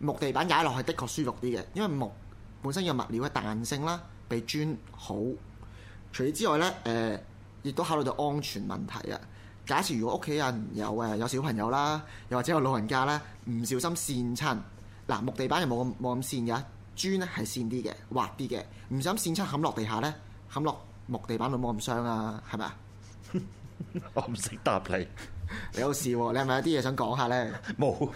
木地板踩落去的確舒服啲嘅，因為木本身嘅物料嘅彈性啦，比磚好。除此之外咧，誒、呃、亦都考慮到安全問題啊。假設如果屋企人有誒有小朋友啦，又或者有老人家咧，唔小心跣親，嗱，木地板又冇咁冇咁跣嘅，磚咧係跣啲嘅，滑啲嘅，唔想心跣親冚落地下咧，冚落木地板都冇咁傷啊，係咪啊？ 我唔識答你， 你好笑、哦，你是是有事喎？你係咪有啲嘢想講下咧？冇。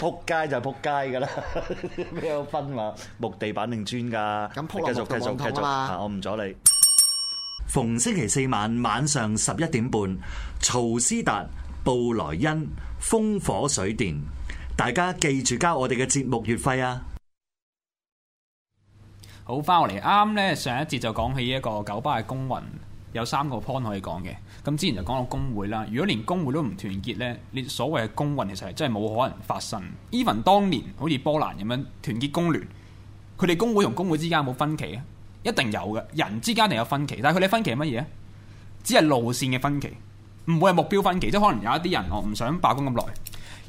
仆街就係仆街㗎啦，咩有分話木地板定磚㗎？繼續繼續繼續啊！我唔阻你。逢星期四晚晚上十一點半，曹斯達、布萊恩、烽火、水電，大家記住交我哋嘅節目月費啊！好，翻落嚟啱咧，剛剛上一節就講起一個九巴嘅公運。有三個 point 可以講嘅，咁之前就講到工會啦。如果連工會都唔團結呢，你所謂嘅工運其實係真係冇可能發生。Even 當年好似波蘭咁樣團結工聯，佢哋工會同工會之間有冇分歧啊？一定有嘅，人之間定有分歧。但係佢哋分歧係乜嘢？只係路線嘅分歧，唔會係目標分歧。即係可能有一啲人我唔想罷工咁耐，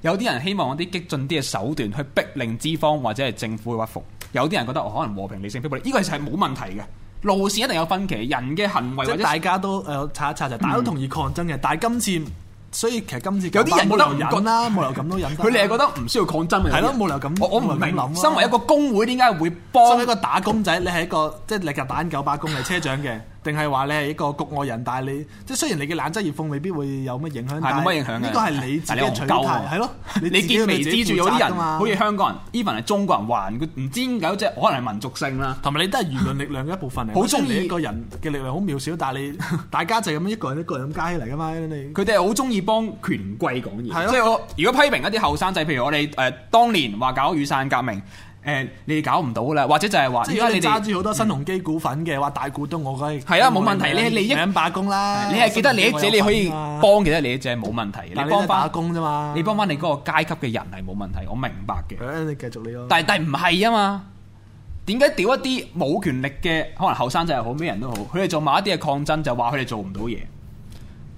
有啲人希望一啲激進啲嘅手段去逼令資方或者係政府屈服。有啲人覺得我可能和平理性批判，依個係冇問題嘅。路線一定有分歧，人嘅行為或者大家都誒查一查就，大、呃、家都同意抗爭嘅。嗯、但係今次，所以其實今次有啲人有覺得唔敢啦，冇理由咁都忍。佢哋係覺得唔需要抗爭嘅，係咯的，冇理由咁。我我唔明諗。啊、身為一個工會，點解會幫身為一個打工仔？你係一個即係你就打緊九巴工嘅車長嘅。 定係話你係一個局外人，但係你即係雖然你嘅冷嘲熱諷未必會有乜影響，係冇乜影響啊！呢個係你自己嘅取態，係咯？你見微知著，有啲人，好似香港人，even 係中國人，還佢唔知點解，即係可能係民族性啦。同埋你都係輿論力量嘅一部分嚟。好中意一個人嘅力量好渺小，但係你大家就咁一個人一個人加起嚟㗎嘛？佢哋係好中意幫權貴講嘢，即係我如果批評一啲後生仔，譬如我哋誒當年話搞雨傘革命。誒、欸，你哋搞唔到啦，或者就係話，如果你揸住好多新鴻基股份嘅話，嗯、大股東我梗係啊，冇問題咧。利益你一人罷一工啦，啊、你係記得、啊、你一己，你可以幫嘅得你只係冇問題。你幫罷工啫嘛，你幫翻你嗰個階級嘅人係冇問題，我明白嘅。你繼續你咯。但但唔係啊嘛，點解屌一啲冇權力嘅，可能後生仔又好，咩人都好，佢哋做埋一啲嘅抗爭就，就話佢哋做唔到嘢。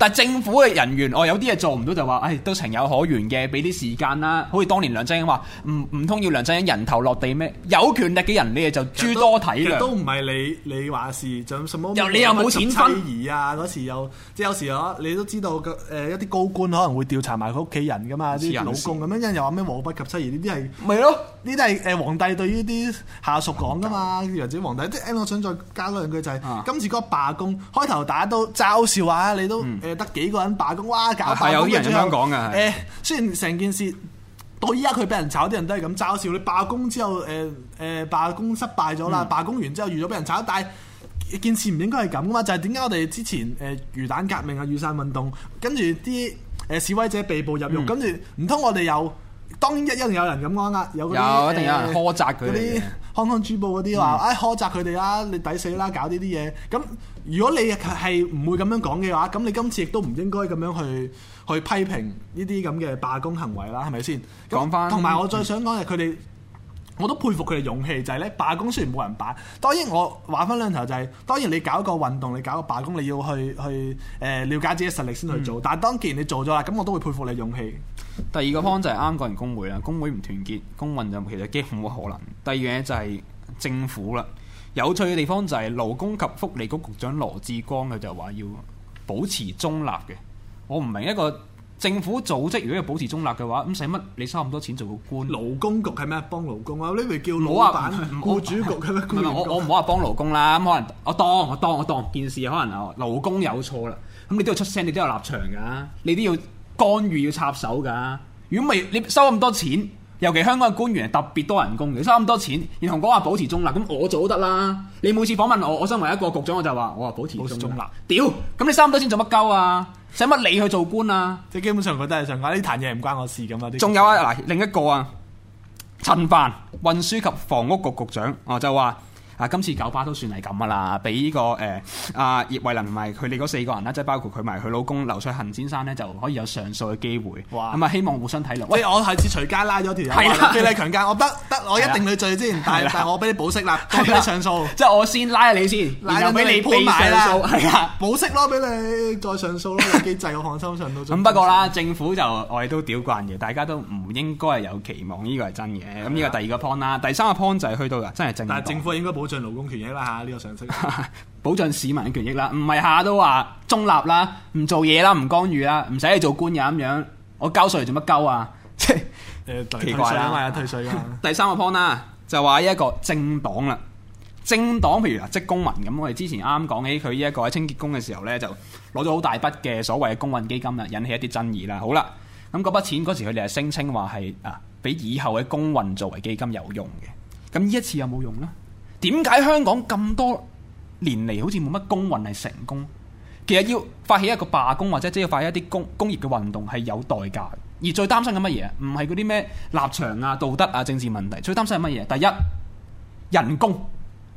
但係政府嘅人員，我、哦、有啲嘢做唔到就，就話，誒，都情有可原嘅，俾啲時間啦。好似當年梁振英話，唔唔通要梁振英人頭落地咩？有權力嘅人，你哋就諸多體諒。其實都唔係你你話事，仲有什麼？什麼又你又冇錢分啊？嗰時又即係有時有你都知道嘅、呃、一啲高官可能會調查埋佢屋企人噶嘛，啲老公咁樣，又話咩禍不及妻兒？呢啲係咪咯？呢啲係誒皇帝對於啲下屬講噶嘛？或者皇帝，皇帝即係我想再加多兩句就係、是啊、今次嗰個罷工，開頭大家都嘲笑話你都、嗯得幾個人罷工，哇！搞有罷工想最後，誒，雖然成件事到依家佢俾人炒，啲人都係咁嘲笑你罷工之後，誒、呃、誒，罷、呃、工失敗咗啦，罷、嗯、工完之後遇咗俾人炒，但係件事唔應該係咁噶嘛，就係點解我哋之前誒魚蛋革命啊、雨傘運動，跟住啲誒示威者被捕入獄，跟住唔通我哋有，當然一定一定有人咁壓壓，有一定有人苛責佢啲《康康珠寶》嗰啲話，哎苛責佢哋啦，你抵死啦，搞呢啲嘢咁。如果你係唔會咁樣講嘅話，咁你今次亦都唔應該咁樣去去批評呢啲咁嘅罷工行為啦，係咪先？講翻，同埋我最想講嘅，佢哋、嗯、我都佩服佢哋勇氣就係咧，罷工雖然冇人罷，當然我話翻兩頭就係、是，當然你搞一個運動，你搞一個罷工，你要去去誒、呃、了解自己嘅實力先去做。嗯、但係當既然你做咗啦，咁我都會佩服你勇氣。第二個方就係啱個人工會啦，工會唔團結，工運就其實幾乎冇可能。第二樣嘢就係政府啦。有趣嘅地方就係勞工及福利局局長羅致光佢就話要保持中立嘅，我唔明一個政府組織如果要保持中立嘅話，咁使乜你收咁多錢做個官？勞工局係咩？幫勞工啊？呢咪叫老闆、雇說主局嘅咩？說我唔好話幫勞工啦，咁可能我當我當我當，我當件事可能勞工有錯啦，咁你都要出聲，你都要立場噶，你都要干預要插手噶，如果唔係你收咁多錢。尤其香港嘅官員係特別多人工嘅，收咁多錢，你同我話保持中立，咁我做都得啦。你每次訪問我，我身為一個局長，我就話我話保持中立。中立 屌，咁你收咁多錢做乜鳩啊？使乜你去做官啊？即係基本上佢都係上架呢壇嘢唔關我的事咁啊！仲有啊，嗱，另一個啊，陳帆運輸及房屋局局，局長，我、啊、就話。啊！今次九巴都算係咁啊啦，俾呢個誒阿葉慧林同埋佢哋嗰四個人啦，即係包括佢埋佢老公劉翠恆先生咧，就可以有上訴嘅機會。咁啊，希望互相體諒。所以，我下次隨街拉咗條，暴力強姦，我得得，我一定去罪先，但係我俾你保釋啦，俾你上訴，即係我先拉你先，又俾你鋪埋啦，係啊，保釋咯，俾你再上訴咯，有幾濟我放心上到。咁不過啦，政府就我哋都屌慣嘅，大家都唔應該係有期望，呢個係真嘅。咁呢個第二個 point 啦，第三個 point 就係去到噶，真係政府應該保障勞工權益啦、啊、吓，呢個常識、啊； 保障市民嘅權益啦、啊，唔係下都話中立啦、啊，唔做嘢啦、啊，唔干預啦、啊，唔使去做官嘅咁樣。我交稅嚟做乜交啊？即 係奇怪啦。退 稅第三個 point 啦、啊，就話呢一個政黨啦、啊，政黨譬如啊，職工盟咁，我哋之前啱啱講起佢呢一個清潔工嘅時候呢，就攞咗好大筆嘅所謂嘅公運基金啦，引起一啲爭議啦。好啦，咁嗰筆錢嗰時佢哋係聲稱話係啊，俾以後嘅公運作為基金有用嘅，咁呢一次有冇用呢？點解香港咁多年嚟，好似冇乜工運係成功？其實要發起一個罷工，或者即係要發起一啲工工業嘅運動係有代價。而最擔心嘅乜嘢？唔係嗰啲咩立場啊、道德啊、政治問題。最擔心係乜嘢？第一人工，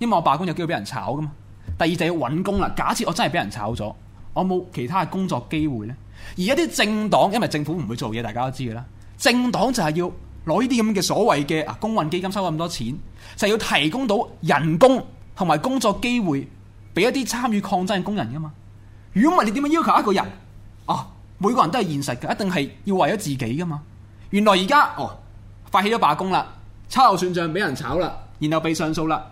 因為我罷工有機會俾人炒噶嘛。第二就要揾工啦。假設我真係俾人炒咗，我冇其他嘅工作機會呢。而一啲政黨，因為政府唔會做嘢，大家都知㗎啦。政黨就係要。攞呢啲咁嘅所謂嘅啊公運基金收咁多錢，就係要提供到人工同埋工作機會，俾一啲參與抗爭嘅工人噶嘛。如果唔係，你點樣要求一個人？哦、啊，每個人都係現實嘅，一定係要為咗自己噶嘛。原來而家哦發起咗罷工啦，秋後算帳俾人炒啦，然後被上訴啦，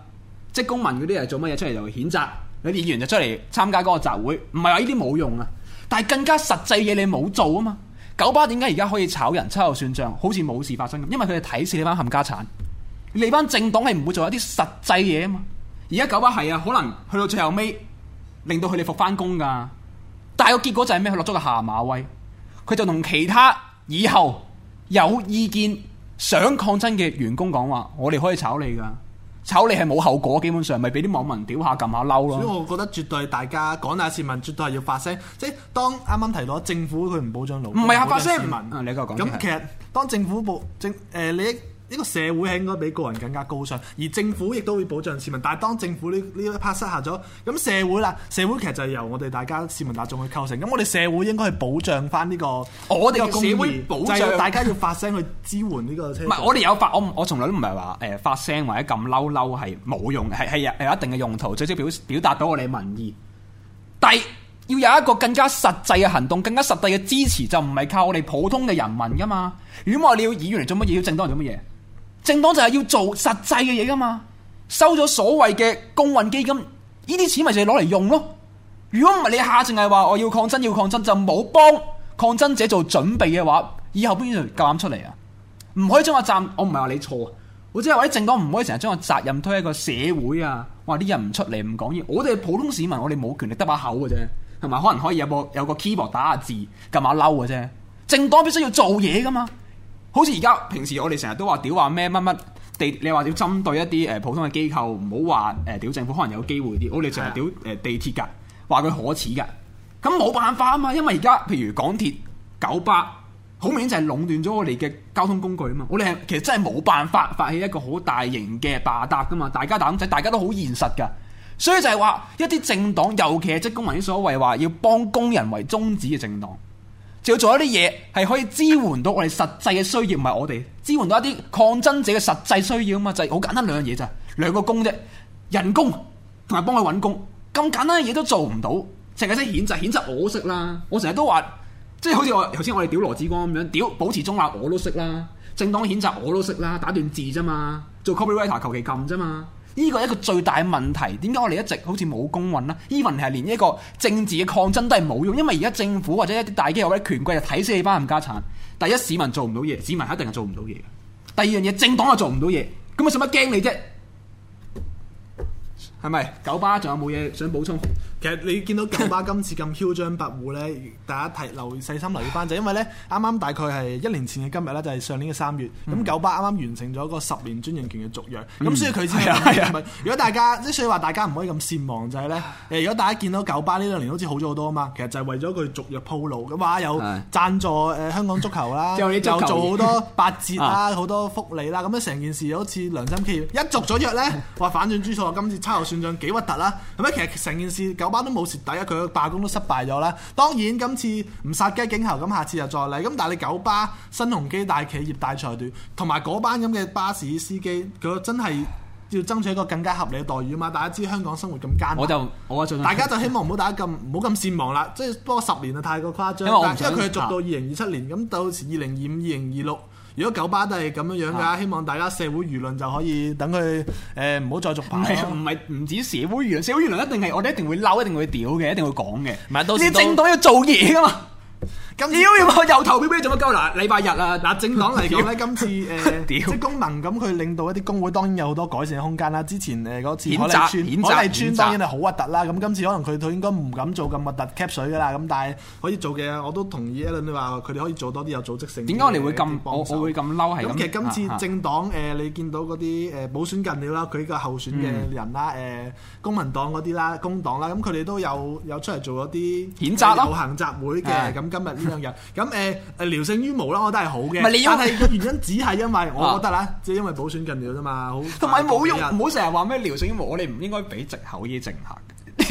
職工盟嗰啲人做乜嘢出嚟就譴責，啲議員就出嚟參加嗰個集會，唔係話呢啲冇用啊，但係更加實際嘢你冇做啊嘛。九巴點解而家可以炒人？秋後算賬，好似冇事發生咁，因為佢哋睇視你班冚家鏟，你班政黨係唔會做一啲實際嘢啊嘛。而家九巴係啊，可能去到最後尾，令到佢哋復翻工噶。但係個結果就係咩？佢落咗個下馬威，佢就同其他以後有意見想抗爭嘅員工講話：我哋可以炒你噶。炒你係冇後果，基本上咪俾啲網民屌下撳下嬲咯。所以我覺得絕對大家講下市民，絕對係要發聲。即係當啱啱提到政府佢唔保障老。唔係啊，市民發聲唔聞。咁、啊、其實當政府部政誒利益呢個社會係應該比個人更加高尚，而政府亦都會保障市民。但係當政府呢呢一 part 失效咗，咁社會啦，社會其實就係由我哋大家市民大眾去構成。咁我哋社會應該去保障翻、這、呢個我哋們 個社會保障。大家要發聲去支援呢個車,車。唔係我哋有發，我法我從來都唔係話誒發聲或者咁嬲嬲係冇用，嘅，係有有一定嘅用途，最少表表達到我哋民意。第二要有一個更加實際嘅行動，更加實際嘅支持，就唔係靠我哋普通嘅人民噶嘛。如果我哋要議員嚟做乜嘢，要政黨嚟做乜嘢？政黨就係要做實際嘅嘢噶嘛，收咗所謂嘅公運基金，呢啲錢咪就係攞嚟用咯。如果唔係你下淨係話我要抗爭要抗爭，就冇幫抗爭者做準備嘅話，以後邊度夠膽出嚟啊？唔可以將我站，我唔係話你錯啊，我者係話啲政黨唔可以成日將個責任推喺個社會啊。哇話啲人唔出嚟唔講嘢，我哋普通市民我哋冇權力得把口嘅啫，係咪？可能可以有部有個 keyboard 打下字，撳下嬲嘅啫。政黨必須要做嘢噶嘛。好似而家平時我哋成日都話屌話咩乜乜地，你話要針對一啲誒、呃、普通嘅機構，唔好話誒屌政府可能有機會啲，我哋成日屌誒地鐵噶，話佢可恥噶。咁冇辦法啊嘛，因為而家譬如港鐵九巴，好明顯就係壟斷咗我哋嘅交通工具啊嘛。我哋係其實真係冇辦法發起一個好大型嘅罷搭噶嘛，大家大膽仔，大家都好現實噶，所以就係話一啲政黨，尤其係職工人黨所謂話要幫工人為宗旨嘅政黨。仲要做一啲嘢係可以支援到我哋實際嘅需要，唔係我哋支援到一啲抗爭者嘅實際需要啊嘛，就係好簡單兩樣嘢咋，兩個工啫，人工同埋幫佢揾工，咁簡單嘅嘢都做唔到，淨係識譴責，譴責我識啦，我成日都話，即係好似我頭先我哋屌羅志光咁樣屌保持中立我都識啦，正當譴責我都識啦，打段字咋嘛，做 copywriter 求其撳咋嘛。呢個係一個最大嘅問題，點解我哋一直好似冇公運呢？依個問題係連一個政治嘅抗爭都係冇用，因為而家政府或者一啲大機構或者權貴就睇死你班冚家產。第一，市民做唔到嘢，市民一定係做唔到嘢。第二樣嘢政黨又做唔到嘢，咁佢使乜驚你啫？係咪？九巴仲有冇嘢想補充？其實你見到九巴今次咁囂張跋扈咧，大家提留細心留意翻就是、因為咧，啱啱大概係一年前嘅今日咧，就係、是、上年嘅三月，咁、嗯、九巴啱啱完成咗個十年專營權嘅續約，咁、嗯嗯、所以佢先係。如果大家即係所以話，大家唔可以咁善忘就係咧，誒，如果大家見到九巴呢兩年好似好咗好多啊嘛，其實就係為咗佢續約鋪路，咁啊有贊助誒香港足球啦，又、嗯、做好多八折啦，好、嗯、多福利啦，咁樣成件事好似良心企業，一續咗約咧，話反轉豬肚，今次差後算帳幾核突啦，咁樣其實成件事九。班都冇蝕底啊！佢嘅罷工都失敗咗啦。當然今次唔殺雞儆猴，咁下次又再嚟。咁但係你九巴、新鴻基大企業大財團，同埋嗰班咁嘅巴士司機，佢真係要爭取一個更加合理嘅待遇啊嘛！大家知香港生活咁艱難，大家就希望唔好打咁唔好咁奢望啦。即係 不過十年就太過誇張，因為佢要續到二零二七年，咁到時二零二五、二零二六。如果九巴都係咁樣樣㗎，是的 希望大家社會輿論就可以等佢誒唔好再續牌咯。唔係，唔止社會輿論，社會輿論一定係我哋一定會嬲，一定會屌嘅，一定會講嘅。唔係，呢啲政黨要做嘢噶嘛。咁屌要我又投票俾你做乜鳩嗱？ 禮拜日啊，嗱政黨嚟講咧，今次誒、呃、 即功能咁，佢令到一啲工會當然有好多改善空間啦。之前誒嗰、呃、次可能串，可能串當然係好核突啦。咁今次可能佢佢應該唔敢做咁核突 cap 水噶啦。咁但係可以做嘅我都同意啦。你話佢哋可以做多啲有組織性。點解我哋會咁我我會咁嬲係咁？嗯啊啊、其實今次政黨誒、呃、你見到嗰啲誒補選近了啦，佢個候選嘅人啦誒、嗯啊、公民黨嗰啲啦工黨啦，咁佢哋都有有出嚟做一啲譴責啦遊行集會嘅。咁今日。咁誒誒聊勝於無啦，我覺得係好嘅。但係個原因只係因為我覺得啦，即係 因為補選近咗啫嘛，好，同埋冇用，唔好成日話咩聊勝於無，我哋唔應該俾藉口依啲政客，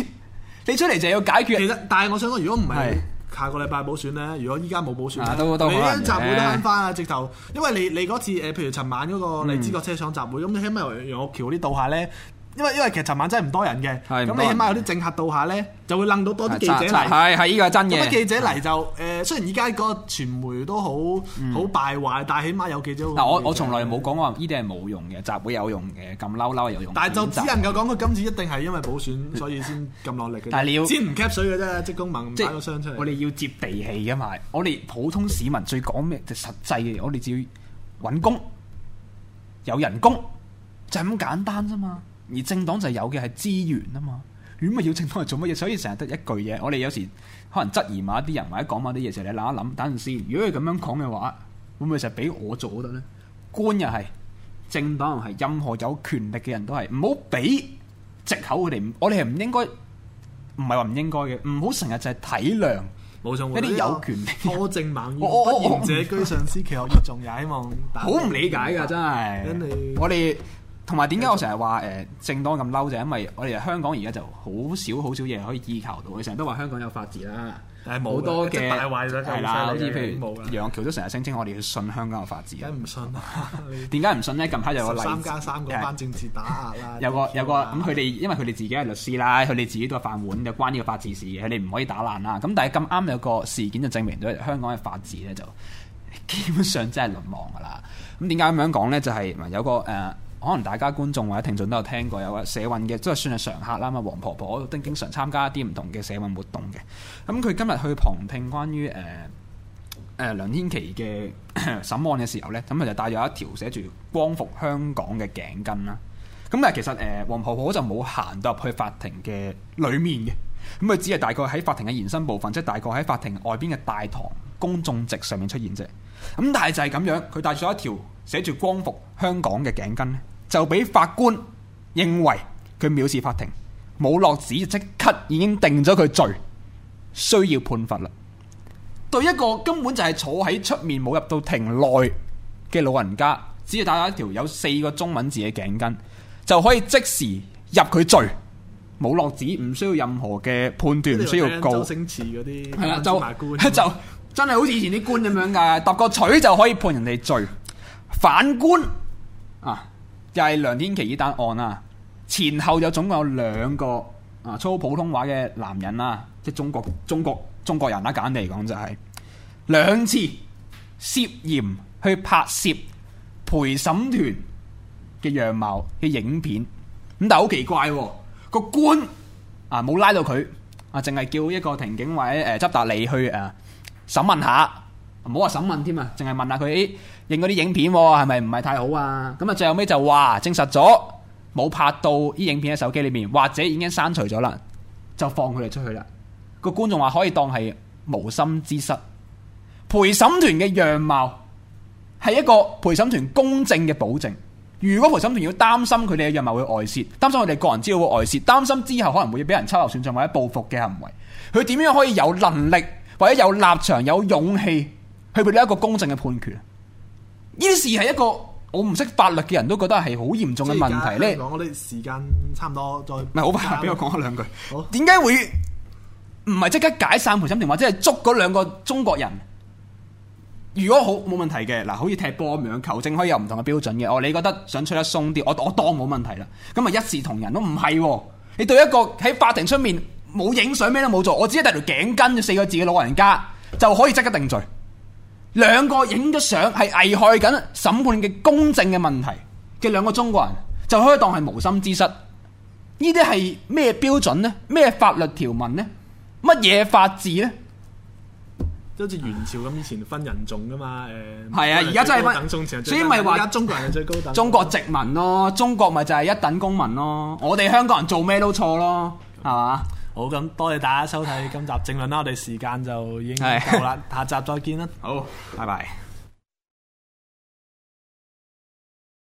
你出嚟就要解決。其實，但係我想講，如果唔係下個禮拜補選咧，如果依家冇補選，啊、都都好，集會都慳翻啦，直頭的，因為你你嗰次誒，譬如尋晚嗰、那個荔枝角車廠集會，咁你起碼由橋嗰啲到下咧。因為因為其實尋晚真係唔多人嘅，咁你起碼有啲政客到下咧，就會掕到多啲記者嚟。係係呢個係真嘅。咁記者嚟就誒，是雖然而家個傳媒都好好敗壞，嗯、但係起碼有記者。嗱我我從來冇講過呢啲係冇用嘅，集會有用嘅，咁嬲嬲有用。但係就只能夠講佢今次一定係因為補選，所以先咁落力嘅。但係你要先唔 cap 水嘅啫，職工盟買個箱出嚟。我哋要接地氣嘅嘛，我哋普通市民最講咩就實際嘅，我哋只要搵工，有人工就係咁簡單啫嘛。而政黨就係有嘅係資源啊嘛，如果咪要政黨嚟做乜嘢？所以成日得一句嘢，我哋有時可能質疑某一啲人，或者講某啲嘢嘅時候，你諗一諗，等陣先。如果佢咁樣講嘅話，會唔會就俾我做得咧？官又係，政黨係，任何有權力嘅人都係，唔好俾藉口佢哋，我哋係唔應該，唔係話唔應該嘅，唔好成日就係體諒一啲有權力、苛政猛於虎者居上，斯其尤仲有希望好唔理解噶，真係，你我哋。同埋點解我成日話誒，正當咁嬲就係因為我哋香港而家就好少好少嘢可以依靠到。佢成日都話香港有法治啦，冇多嘅係啦，好似了些譬如楊岳橋都成日聲稱我哋要信香港嘅法治，梗唔信啦！點解唔信呢？近排有個例三加三個政治打壓啦 個、啊，有個有個咁佢哋因為佢哋自己係律師啦，佢哋自己都係飯碗，就關呢個法治事嘅，佢哋唔可以打爛啦。咁但係咁啱有個事件就證明咗香港嘅法治咧，就基本上真係淪亡㗎喇。咁點解咁樣講咧？就係、是、有個誒。呃可能大家觀眾或者聽眾都有聽過有社運嘅，即係算係常客啦。咁啊，黃婆婆都經常參加一啲唔同嘅社運活動嘅。咁、嗯、佢今日去旁聽關於誒誒、呃呃、梁天琦嘅審案嘅時候呢，咁佢就帶咗一條寫住光復香港嘅頸巾啦。咁但係其實誒黃、呃、婆婆就冇行到入去法庭嘅裏面嘅，咁佢只係大概喺法庭嘅延伸部分，即、就、係、是、大概喺法庭外邊嘅大堂公眾席上面出現啫。咁但係就係咁樣，佢帶住一條寫住光復香港嘅頸巾就俾法官認為佢藐視法庭，冇落紙即刻已經定咗佢罪，需要判罰啦。對一個根本就係坐喺出面冇入到庭內嘅老人家，只要打一條有四個中文字嘅頸巾，就可以即時入佢罪，冇落紙唔需要任何嘅判斷，唔需要告。周星馳嗰啲係啦，就就真係好似以前啲官咁樣噶，揼 個錘就可以判人哋罪。反觀。啊。就係梁天琦呢單案啊，前後有總共有兩個啊操普通話嘅男人啊，即係中國中國中國人啦，簡單嚟講就係、是，兩次涉嫌去拍攝陪審團嘅樣貌嘅影片，咁但係好奇怪個官啊冇拉到佢啊，淨係叫一個庭警委誒執達吏去誒審問下，唔好話審問添啊，淨係問下佢。認嗰啲影片係咪唔係太好啊？咁啊最後尾就話證實咗冇拍到啲影片喺手機裏面，或者已經刪除咗啦，就放佢哋出去啦。個觀眾話可以當係無心之失。陪審團嘅樣貌係一個陪審團公正嘅保證。如果陪審團要擔心佢哋嘅樣貌會外泄，擔心佢哋個人知道會外泄，擔心之後可能會俾人秋後算賬或者報復嘅行為，佢點樣可以有能力或者有立場，有勇氣去判呢一個公正嘅判決？於是係一個我唔識法律嘅人都覺得係好嚴重嘅問題咧。講我哋時間差唔多，再唔係好快，俾我講咗兩句。點解好會唔係即刻解散陪審團，或者係捉嗰兩個中國人？如果好冇問題嘅嗱，好似踢波咁樣，球證可以有唔同嘅標準嘅。哦，你覺得想吹得鬆啲，我我當冇問題啦。咁啊一視同仁都唔係。你對一個喺法庭出面冇影相，咩都冇做，我只係戴條頸巾嘅四個字嘅老人家就可以即刻定罪。兩個影咗相係危害緊審判嘅公正嘅問題嘅兩個中國人，就可以當係無心之失。呢啲係咩標準呢？咩法律條文呢？乜嘢法治呢？都好似元朝咁以前分人種噶嘛？誒、呃，係啊，而家真係分，所以咪話中國人係最高等。中國殖民咯，中國咪就係一等公民咯。我哋香港人做咩都錯咯，係嘛？好咁，多謝大家收睇今集政論啦！我哋時間就已經夠啦， 下集再見啦！好，拜拜。